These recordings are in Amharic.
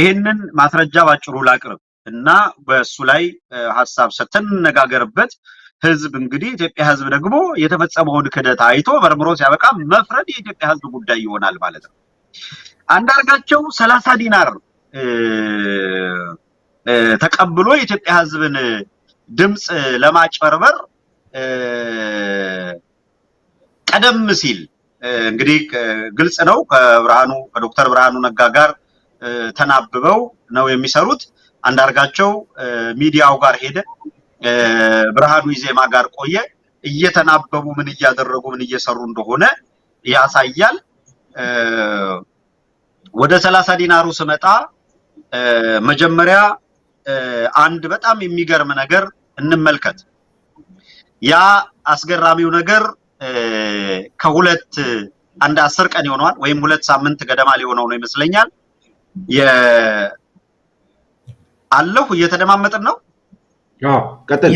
ይህንን ማስረጃ ባጭሩ ላቅርብ እና በእሱ ላይ ሀሳብ ሰጥተን እንነጋገርበት። ህዝብ እንግዲህ ኢትዮጵያ ህዝብ ደግሞ የተፈጸመውን ክደት አይቶ መርምሮ ሲያበቃ መፍረድ የኢትዮጵያ ህዝብ ጉዳይ ይሆናል ማለት ነው። አንዳርጋቸው ሰላሳ ዲናር ተቀብሎ የኢትዮጵያ ህዝብን ድምፅ ለማጭበርበር ቀደም ሲል እንግዲህ ግልጽ ነው ከብርሃኑ ከዶክተር ብርሃኑ ነጋ ጋር ተናብበው ነው የሚሰሩት። አንዳርጋቸው ሚዲያው ጋር ሄደ፣ ብርሃኑ ዜማ ጋር ቆየ። እየተናበቡ ምን እያደረጉ ምን እየሰሩ እንደሆነ ያሳያል። ወደ ሰላሳ ዲናሩ ስመጣ መጀመሪያ አንድ በጣም የሚገርም ነገር እንመልከት። ያ አስገራሚው ነገር ከሁለት አንድ አስር ቀን ይሆነዋል ወይም ሁለት ሳምንት ገደማ ሊሆነው ነው ይመስለኛል አለሁ እየተደማመጥን ነው። ቀጥል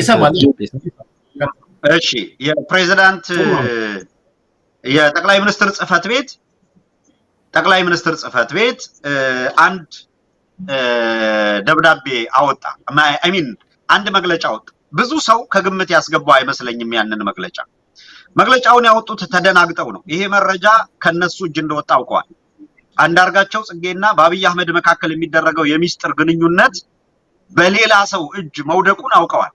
እሺ የፕሬዚዳንት የጠቅላይ ሚኒስትር ጽህፈት ቤት ጠቅላይ ሚኒስትር ጽህፈት ቤት አንድ ደብዳቤ አወጣ። ሚን አንድ መግለጫ አወጣ። ብዙ ሰው ከግምት ያስገባው አይመስለኝም። ያንን መግለጫ መግለጫውን ያወጡት ተደናግጠው ነው። ይሄ መረጃ ከነሱ እጅ እንደወጣ አውቀዋል። አንዳርጋቸው ጽጌና በአብይ አህመድ መካከል የሚደረገው የሚስጥር ግንኙነት በሌላ ሰው እጅ መውደቁን አውቀዋል።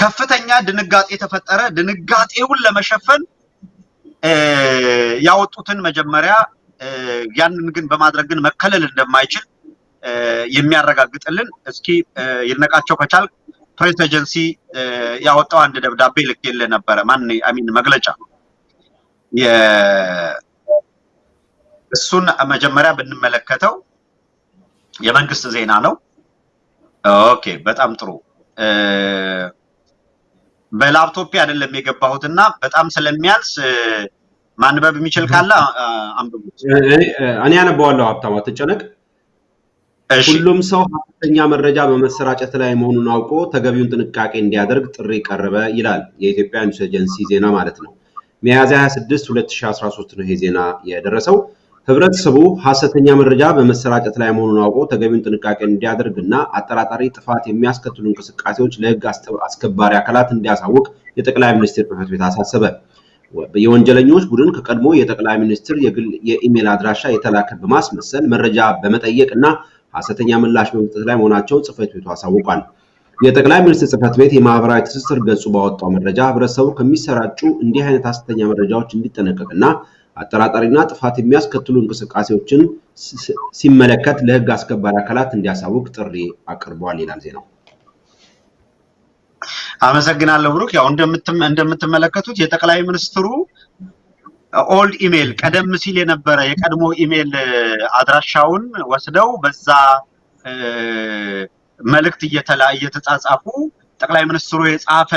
ከፍተኛ ድንጋጤ ተፈጠረ። ድንጋጤውን ለመሸፈን ያወጡትን መጀመሪያ ያንን ግን በማድረግ ግን መከለል እንደማይችል የሚያረጋግጥልን እስኪ ይነቃቸው ከቻል ፕሬስ ኤጀንሲ ያወጣው አንድ ደብዳቤ ልኬልህ ነበረ። ማን አሚን መግለጫ እሱን መጀመሪያ ብንመለከተው የመንግስት ዜና ነው። ኦኬ፣ በጣም ጥሩ። በላፕቶፕ አይደለም የገባሁት እና በጣም ስለሚያንስ ማንበብ የሚችል ካለ አንብቡት። እኔ ያነባዋለሁ። ሀብታም አትጨነቅ። ሁሉም ሰው ሀሰተኛ መረጃ በመሰራጨት ላይ መሆኑን አውቆ ተገቢውን ጥንቃቄ እንዲያደርግ ጥሪ ቀረበ ይላል የኢትዮጵያ ኤጀንሲ ዜና ማለት ነው። ሚያዝያ 26 2013 ነው ይሄ ዜና የደረሰው። ህብረተሰቡ ሐሰተኛ መረጃ በመሰራጨት ላይ መሆኑን አውቆ ተገቢውን ጥንቃቄ እንዲያደርግና አጠራጣሪ ጥፋት የሚያስከትሉ እንቅስቃሴዎች ለህግ አስከባሪ አካላት እንዲያሳውቅ የጠቅላይ ሚኒስትር ጽፈት ቤት አሳሰበ። የወንጀለኞች ቡድን ከቀድሞ የጠቅላይ ሚኒስትር የግል የኢሜል አድራሻ የተላከ በማስመሰል መረጃ በመጠየቅ እና ሐሰተኛ ምላሽ በመስጠት ላይ መሆናቸው ጽህፈት ቤቱ አሳውቋል። የጠቅላይ ሚኒስትር ጽህፈት ቤት የማህበራዊ ትስስር ገጹ ባወጣው መረጃ ህብረተሰቡ ከሚሰራጩ እንዲህ አይነት ሐሰተኛ መረጃዎች እንዲጠነቀቅና አጠራጣሪና ጥፋት የሚያስከትሉ እንቅስቃሴዎችን ሲመለከት ለህግ አስከባሪ አካላት እንዲያሳውቅ ጥሪ አቅርቧል ይላል ዜናው። አመሰግናለሁ ብሩክ። ያው እንደምትመለከቱት የጠቅላይ ሚኒስትሩ ኦልድ ኢሜይል ቀደም ሲል የነበረ የቀድሞ ኢሜይል አድራሻውን ወስደው በዛ መልእክት እየተጻጻፉ ጠቅላይ ሚኒስትሩ የጻፈ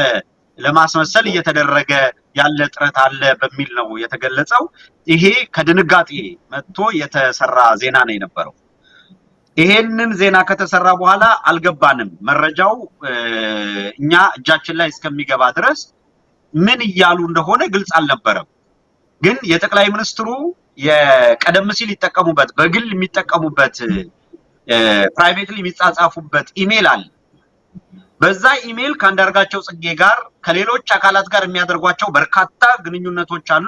ለማስመሰል እየተደረገ ያለ ጥረት አለ በሚል ነው የተገለጸው። ይሄ ከድንጋጤ መጥቶ የተሰራ ዜና ነው የነበረው። ይሄንን ዜና ከተሰራ በኋላ አልገባንም፣ መረጃው እኛ እጃችን ላይ እስከሚገባ ድረስ ምን እያሉ እንደሆነ ግልጽ አልነበረም። ግን የጠቅላይ ሚኒስትሩ የቀደም ሲል ይጠቀሙበት በግል የሚጠቀሙበት ፕራይቬትሊ የሚጻጻፉበት ኢሜል አለ። በዛ ኢሜይል ከአንዳርጋቸው ጽጌ ጋር ከሌሎች አካላት ጋር የሚያደርጓቸው በርካታ ግንኙነቶች አሉ፣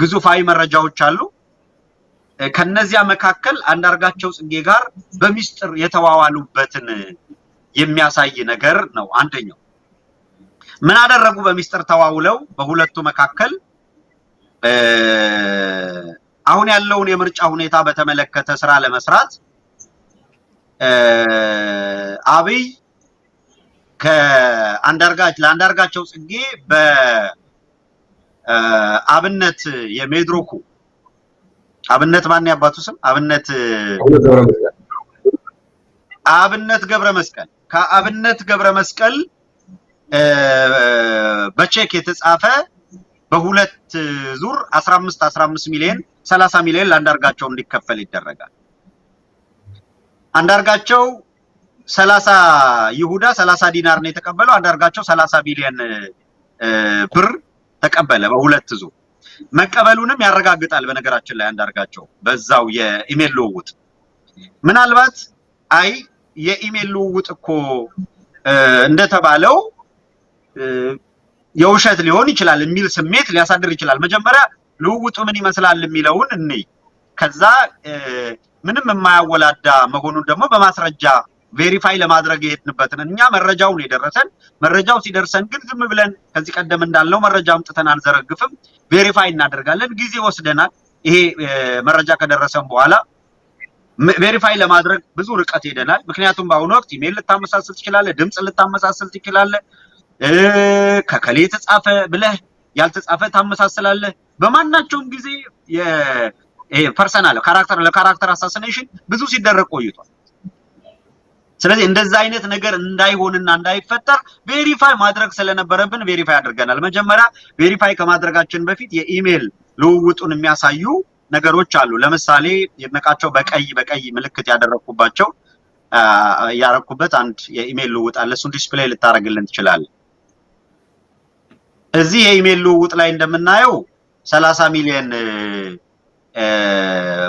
ግዙፋዊ መረጃዎች አሉ። ከነዚያ መካከል አንዳርጋቸው ጽጌ ጋር በሚስጥር የተዋዋሉበትን የሚያሳይ ነገር ነው። አንደኛው ምን አደረጉ? በሚስጥር ተዋውለው በሁለቱ መካከል አሁን ያለውን የምርጫ ሁኔታ በተመለከተ ስራ ለመስራት አብይ ከአንዳርጋች ለአንዳርጋቸው ጽጌ በአብነት የሜድሮኩ አብነት ማን ያባቱ ስም አብነት አብነት ገብረ መስቀል ከአብነት ገብረ መስቀል በቼክ የተጻፈ በሁለት ዙር 15 15 ሚሊዮን 30 ሚሊዮን ለአንዳርጋቸው እንዲከፈል ይደረጋል። አንዳርጋቸው ሰላሳ ይሁዳ ሰላሳ ዲናር ነው የተቀበለው። አንዳርጋቸው ሰላሳ ቢሊዮን ብር ተቀበለ በሁለት ዙር። መቀበሉንም ያረጋግጣል። በነገራችን ላይ አንዳርጋቸው በዛው የኢሜል ልውውጥ ምናልባት አይ የኢሜል ልውውጥ እኮ እንደተባለው የውሸት ሊሆን ይችላል የሚል ስሜት ሊያሳድር ይችላል። መጀመሪያ ልውውጡ ምን ይመስላል የሚለውን እኔ ከዛ ምንም የማያወላዳ መሆኑን ደግሞ በማስረጃ ቬሪፋይ ለማድረግ የሄድንበትን እኛ መረጃውን የደረሰን መረጃው ሲደርሰን ግን ዝም ብለን ከዚህ ቀደም እንዳለው መረጃ አምጥተን አንዘረግፍም፣ ቬሪፋይ እናደርጋለን፣ ጊዜ ወስደናል። ይሄ መረጃ ከደረሰን በኋላ ቬሪፋይ ለማድረግ ብዙ ርቀት ሄደናል። ምክንያቱም በአሁኑ ወቅት ኢሜይል ልታመሳሰል ትችላለ ድምፅ ልታመሳሰል ትችላለ። ከከሌ የተጻፈ ብለህ ያልተጻፈ ታመሳስላለህ። በማናቸውም ጊዜ ፐርሰናል ካራክተር ለካራክተር አሳሲኔሽን ብዙ ሲደረግ ቆይቷል። ስለዚህ እንደዛ አይነት ነገር እንዳይሆንና እንዳይፈጠር ቬሪፋይ ማድረግ ስለነበረብን ቬሪፋይ አድርገናል። መጀመሪያ ቬሪፋይ ከማድረጋችን በፊት የኢሜል ልውውጡን የሚያሳዩ ነገሮች አሉ። ለምሳሌ የነቃቸው በቀይ በቀይ ምልክት ያደረግኩባቸው ያረግኩበት አንድ የኢሜል ልውውጥ አለ። እሱን ዲስፕሌይ ልታደርግልን ትችላለህ። እዚህ የኢሜል ልውውጥ ላይ እንደምናየው ሰላሳ ሚሊዮን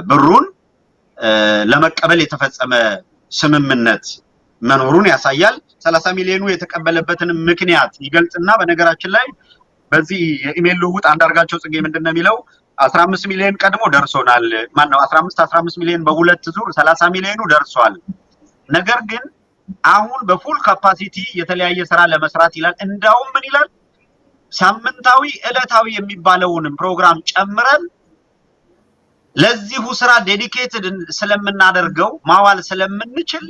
ብሩን ለመቀበል የተፈጸመ ስምምነት መኖሩን ያሳያል። ሰላሳ ሚሊዮኑ የተቀበለበትን ምክንያት ይገልጽና በነገራችን ላይ በዚህ የኢሜል ልውውጥ አንዳርጋቸው ጽጌ ምንድን ነው የሚለው አስራ አምስት ሚሊዮን ቀድሞ ደርሶናል። ማን ነው አስራ አምስት አስራ አምስት ሚሊዮን በሁለት ዙር ሰላሳ ሚሊዮኑ ደርሷል። ነገር ግን አሁን በፉል ካፓሲቲ የተለያየ ስራ ለመስራት ይላል። እንዳውም ምን ይላል ሳምንታዊ ዕለታዊ የሚባለውንም ፕሮግራም ጨምረን ለዚሁ ስራ ዴዲኬትድ ስለምናደርገው ማዋል ስለምንችል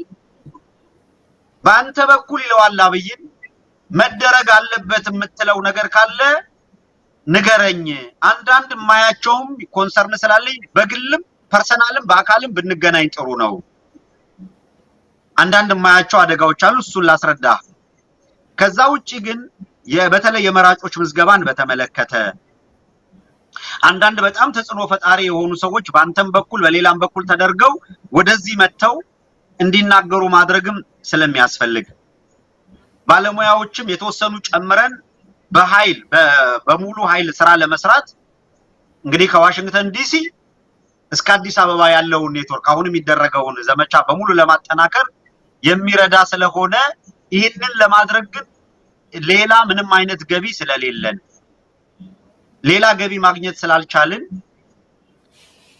በአንተ በኩል ይለዋል አብይን መደረግ አለበት የምትለው ነገር ካለ ንገረኝ። አንዳንድ የማያቸውም ኮንሰርን ስላለኝ በግልም ፐርሰናልም በአካልም ብንገናኝ ጥሩ ነው። አንዳንድ የማያቸው አደጋዎች አሉ፣ እሱን ላስረዳ። ከዛ ውጪ ግን በተለይ የመራጮች ምዝገባን በተመለከተ አንዳንድ በጣም ተጽዕኖ ፈጣሪ የሆኑ ሰዎች በአንተም በኩል በሌላም በኩል ተደርገው ወደዚህ መጥተው እንዲናገሩ ማድረግም ስለሚያስፈልግ ባለሙያዎችም የተወሰኑ ጨምረን በኃይል በሙሉ ኃይል ስራ ለመስራት እንግዲህ ከዋሽንግተን ዲሲ እስከ አዲስ አበባ ያለውን ኔትወርክ አሁን የሚደረገውን ዘመቻ በሙሉ ለማጠናከር የሚረዳ ስለሆነ ይህንን ለማድረግ ግን ሌላ ምንም አይነት ገቢ ስለሌለን ሌላ ገቢ ማግኘት ስላልቻልን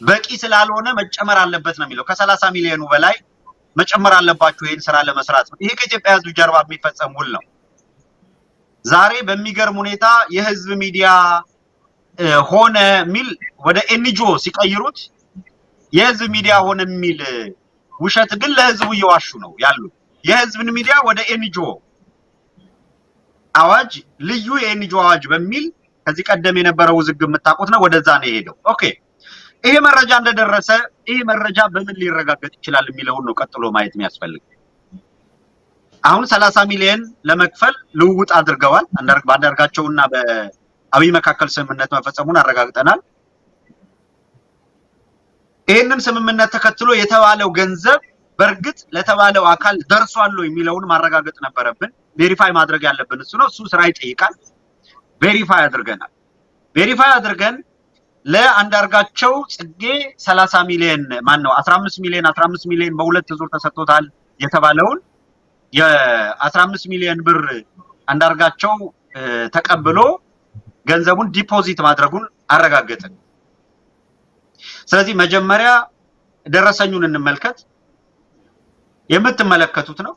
በቂ ስላልሆነ መጨመር አለበት ነው የሚለው። ከሰላሳ ሚሊዮኑ በላይ መጨመር አለባችሁ ይህን ስራ ለመስራት ነው። ይሄ ከኢትዮጵያ ህዝብ ጀርባ የሚፈጸም ውል ነው። ዛሬ በሚገርም ሁኔታ የህዝብ ሚዲያ ሆነ የሚል ወደ ኤንጂኦ ሲቀይሩት የህዝብ ሚዲያ ሆነ የሚል ውሸት ግን ለህዝቡ እየዋሹ ነው ያሉ። የህዝብን ሚዲያ ወደ ኤንጂኦ አዋጅ ልዩ የኤንጂኦ አዋጅ በሚል ከዚህ ቀደም የነበረው ውዝግብ የምታውቁት ነው። ወደዛ ነው የሄደው። ኦኬ ይሄ መረጃ እንደደረሰ ይሄ መረጃ በምን ሊረጋገጥ ይችላል የሚለውን ነው ቀጥሎ ማየት የሚያስፈልግ። አሁን ሰላሳ ሚሊዮን ለመክፈል ልውውጥ አድርገዋል። በአንዳርጋቸውና በአብይ መካከል ስምምነት መፈጸሙን አረጋግጠናል። ይህንን ስምምነት ተከትሎ የተባለው ገንዘብ በእርግጥ ለተባለው አካል ደርሷል የሚለውን ማረጋገጥ ነበረብን። ቬሪፋይ ማድረግ ያለብን እሱ ነው። እሱ ስራ ይጠይቃል። ቬሪፋይ አድርገናል። ቬሪፋይ አድርገን ለአንዳርጋቸው ጽጌ 30 ሚሊዮን ማን ነው 15 ሚሊዮን 15 ሚሊዮን በሁለት ዙር ተሰጥቶታል የተባለውን የ15 ሚሊዮን ብር አንዳርጋቸው ተቀብሎ ገንዘቡን ዲፖዚት ማድረጉን አረጋገጥን። ስለዚህ መጀመሪያ ደረሰኙን እንመልከት። የምትመለከቱት ነው።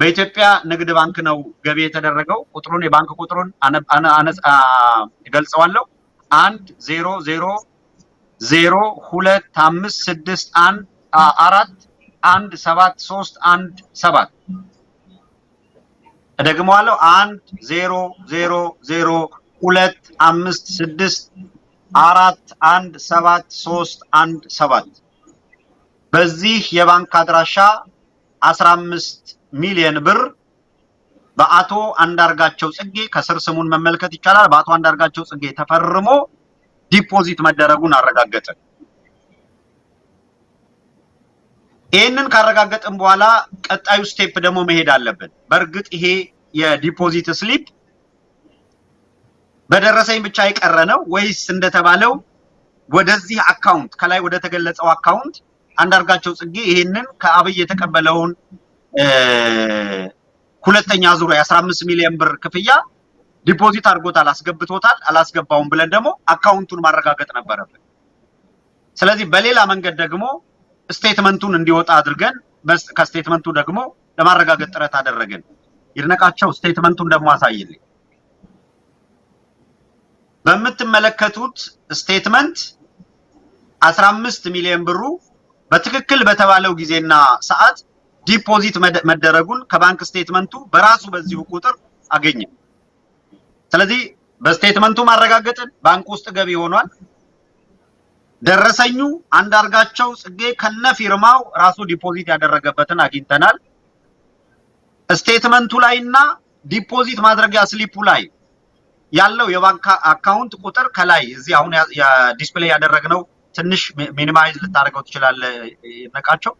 በኢትዮጵያ ንግድ ባንክ ነው ገቢ የተደረገው። ቁጥሩን የባንክ ቁጥሩን ገልጸዋለሁ። አንድ ዜሮ ዜሮ ዜሮ ሁለት አምስት ስድስት አንድ አራት አንድ ሰባት ሶስት አንድ ሰባት እደግመዋለሁ። አንድ ዜሮ ዜሮ ዜሮ ሁለት አምስት ስድስት አራት አንድ ሰባት ሶስት አንድ ሰባት በዚህ የባንክ አድራሻ አስራ አምስት ሚሊየን ብር በአቶ አንዳርጋቸው ጽጌ ከስር ስሙን መመልከት ይቻላል። በአቶ አንዳርጋቸው ጽጌ ተፈርሞ ዲፖዚት መደረጉን አረጋገጠ። ይህንን ካረጋገጥን በኋላ ቀጣዩ ስቴፕ ደግሞ መሄድ አለብን። በእርግጥ ይሄ የዲፖዚት ስሊፕ በደረሰኝ ብቻ የቀረ ነው ወይስ እንደተባለው ወደዚህ አካውንት ከላይ ወደ ተገለጸው አካውንት አንዳርጋቸው ጽጌ ይሄንን ከአብይ የተቀበለውን ሁለተኛ ዙር የ15 ሚሊዮን ብር ክፍያ ዲፖዚት አድርጎታል፣ አስገብቶታል፣ አላስገባውም ብለን ደግሞ አካውንቱን ማረጋገጥ ነበረብን። ስለዚህ በሌላ መንገድ ደግሞ ስቴትመንቱን እንዲወጣ አድርገን ከስቴትመንቱ ደግሞ ለማረጋገጥ ጥረት አደረግን። ይድነቃቸው ስቴትመንቱን ደግሞ አሳይልኝ። በምትመለከቱት ስቴትመንት 15 ሚሊዮን ብሩ በትክክል በተባለው ጊዜና ሰዓት ዲፖዚት መደረጉን ከባንክ ስቴትመንቱ በራሱ በዚሁ ቁጥር አገኘ። ስለዚህ በስቴትመንቱ ማረጋገጥን ባንክ ውስጥ ገቢ ሆኗል። ደረሰኙ አንዳርጋቸው ጽጌ ከነ ፊርማው ራሱ ዲፖዚት ያደረገበትን አግኝተናል። ስቴትመንቱ ላይ እና ዲፖዚት ማድረጊያ ስሊፑ ላይ ያለው የባንክ አካውንት ቁጥር ከላይ እዚህ አሁን ዲስፕሌይ ያደረግነው ትንሽ ሚኒማይዝ ልታደርገው ትችላለህ። ይነቃቸው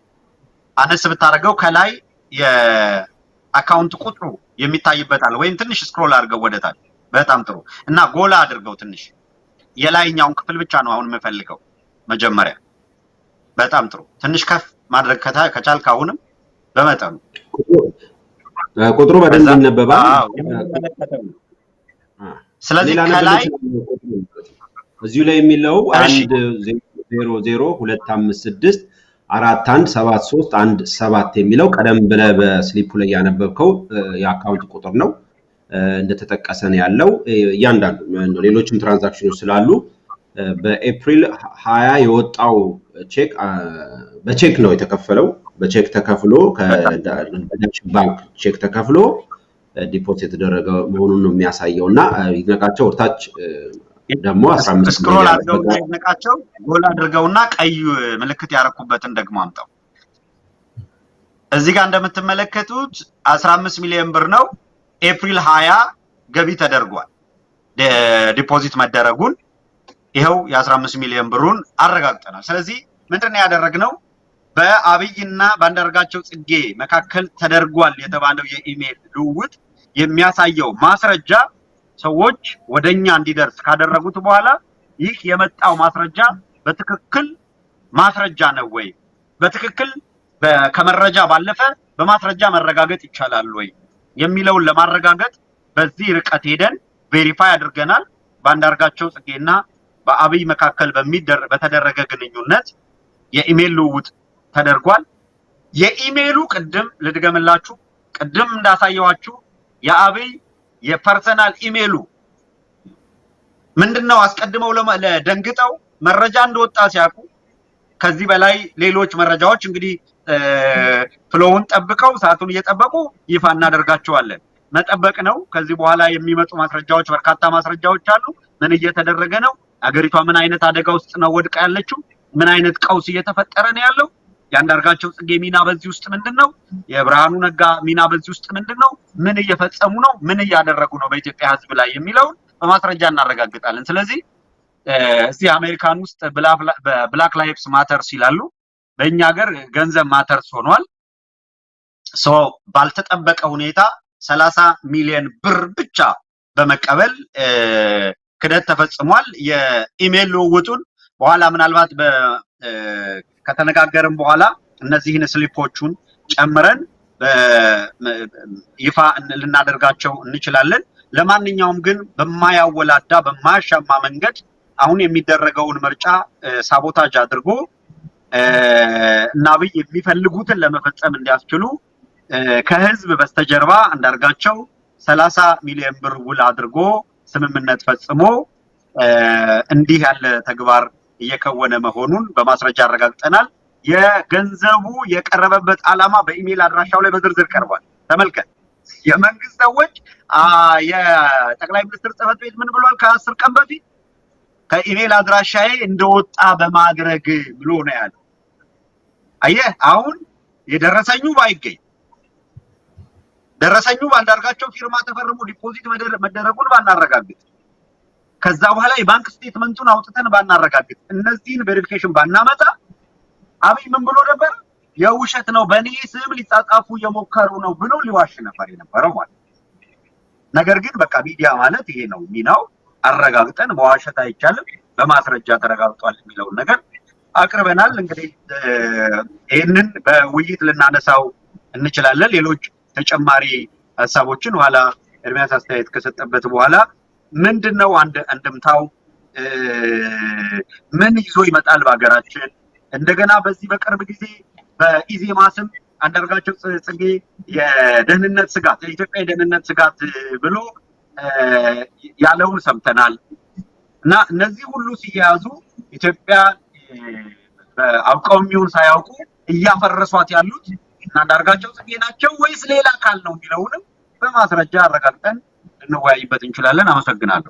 አነስ ብታደርገው ከላይ የአካውንት ቁጥሩ የሚታይበታል። ወይም ትንሽ ስክሮል አድርገው ወደታል። በጣም ጥሩ እና ጎላ አድርገው ትንሽ የላይኛውን ክፍል ብቻ ነው አሁን የምፈልገው መጀመሪያ። በጣም ጥሩ ትንሽ ከፍ ማድረግ ከቻልክ አሁንም በመጠኑ ቁጥሩ በደንብ ይነበባል። ስለዚህ ከላይ እዚሁ ላይ የሚለው አንድ ዜሮ ዜሮ ሁለት አምስት ስድስት አራት አንድ ሰባት ሶስት አንድ ሰባት የሚለው ቀደም ብለህ በስሊፑ ላይ ያነበብከው የአካውንት ቁጥር ነው እንደተጠቀሰ ነው ያለው። እያንዳንዱ ሌሎችም ትራንዛክሽኖች ስላሉ በኤፕሪል ሀያ የወጣው ቼክ በቼክ ነው የተከፈለው። በቼክ ተከፍሎ ባንክ ቼክ ተከፍሎ ዲፖዚት የተደረገ መሆኑን ነው የሚያሳየው እና ይነቃቸው ወርታች ደግሞ ስክሮል አድርገው እንዳይነቃቸው ጎል አድርገውና ቀይ ምልክት ያረኩበትን ደግሞ አምጠው። እዚህ ጋር እንደምትመለከቱት 15 ሚሊዮን ብር ነው። ኤፕሪል 20 ገቢ ተደርጓል። ዲፖዚት መደረጉን ይኸው የ15 ሚሊዮን ብሩን አረጋግጠናል። ስለዚህ ምንድን ነው ያደረግነው? በአብይና በአንዳርጋቸው ጽጌ መካከል ተደርጓል የተባለው የኢሜይል ልውውጥ የሚያሳየው ማስረጃ ሰዎች ወደ እኛ እንዲደርስ ካደረጉት በኋላ ይህ የመጣው ማስረጃ በትክክል ማስረጃ ነው ወይ? በትክክል ከመረጃ ባለፈ በማስረጃ መረጋገጥ ይቻላል ወይ የሚለውን ለማረጋገጥ በዚህ ርቀት ሄደን ቬሪፋይ አድርገናል። በአንዳርጋቸው ጽጌና በአብይ መካከል በተደረገ ግንኙነት የኢሜል ልውውጥ ተደርጓል። የኢሜይሉ ቅድም ልድገምላችሁ፣ ቅድም እንዳሳየኋችሁ የአብይ የፐርሰናል ኢሜሉ ምንድነው አስቀድመው ለደንግጠው መረጃ እንደወጣ ሲያውቁ ከዚህ በላይ ሌሎች መረጃዎች እንግዲህ ፍሎውን ጠብቀው ሰዓቱን እየጠበቁ ይፋ እናደርጋቸዋለን። መጠበቅ ነው። ከዚህ በኋላ የሚመጡ ማስረጃዎች፣ በርካታ ማስረጃዎች አሉ። ምን እየተደረገ ነው? አገሪቷ ምን አይነት አደጋ ውስጥ ነው ወድቃ ያለችው? ምን አይነት ቀውስ እየተፈጠረ ነው ያለው? የአንዳርጋቸው ጽጌ ሚና በዚህ ውስጥ ምንድን ነው? የብርሃኑ ነጋ ሚና በዚህ ውስጥ ምንድን ነው? ምን እየፈጸሙ ነው? ምን እያደረጉ ነው በኢትዮጵያ ሕዝብ ላይ የሚለውን በማስረጃ እናረጋግጣለን። ስለዚህ እዚህ አሜሪካን ውስጥ ብላክ ላይፕስ ማተርስ ይላሉ። በእኛ ሀገር ገንዘብ ማተርስ ሆኗል። ባልተጠበቀ ሁኔታ ሰላሳ ሚሊዮን ብር ብቻ በመቀበል ክደት ተፈጽሟል። የኢሜይል ልውውጡን በኋላ ምናልባት ከተነጋገርን በኋላ እነዚህን ስሊፖቹን ጨምረን ይፋ ልናደርጋቸው እንችላለን። ለማንኛውም ግን በማያወላዳ በማያሻማ መንገድ አሁን የሚደረገውን ምርጫ ሳቦታጅ አድርጎ እና አብይ የሚፈልጉትን ለመፈጸም እንዲያስችሉ ከህዝብ በስተጀርባ አንዳርጋቸው ሰላሳ ሚሊዮን ብር ውል አድርጎ ስምምነት ፈጽሞ እንዲህ ያለ ተግባር እየከወነ መሆኑን በማስረጃ አረጋግጠናል። የገንዘቡ የቀረበበት ዓላማ በኢሜይል አድራሻው ላይ በዝርዝር ቀርቧል። ተመልከት። የመንግስት ሰዎች የጠቅላይ ሚኒስትር ጽህፈት ቤት ምን ብሏል? ከአስር ቀን በፊት ከኢሜይል አድራሻዬ እንደወጣ በማድረግ ብሎ ነው ያለው። አየህ፣ አሁን የደረሰኙ ባይገኝ ደረሰኙ ባንዳርጋቸው ፊርማ ተፈርሞ ዲፖዚት መደረጉን ባናረጋግጥ ከዛ በኋላ የባንክ ስቴትመንቱን አውጥተን ባናረጋግጥ እነዚህን ቬሪፊኬሽን ባናመጣ አብይ ምን ብሎ ነበር? የውሸት ነው በእኔ ስም ሊጻጻፉ የሞከሩ ነው ብሎ ሊዋሽ ነበር የነበረው ማለት። ነገር ግን በቃ ሚዲያ ማለት ይሄ ነው ሚናው። አረጋግጠን መዋሸት አይቻልም፣ በማስረጃ ተረጋግጧል የሚለውን ነገር አቅርበናል። እንግዲህ ይህንን በውይይት ልናነሳው እንችላለን። ሌሎች ተጨማሪ ሀሳቦችን ኋላ እድሜያስ አስተያየት ከሰጠበት በኋላ ምንድን ነው አንድምታው? ምን ይዞ ይመጣል በሀገራችን? እንደገና በዚህ በቅርብ ጊዜ በኢዜማ ስም አንዳርጋቸው ጽጌ የደህንነት ስጋት የኢትዮጵያ የደህንነት ስጋት ብሎ ያለውን ሰምተናል እና እነዚህ ሁሉ ሲያያዙ ኢትዮጵያ አውቀው ሳያውቁ እያፈረሷት ያሉት እና አንዳርጋቸው ጽጌ ናቸው ወይስ ሌላ አካል ነው የሚለውንም በማስረጃ አረጋግጠን ልንወያይበት እንችላለን። አመሰግናለሁ።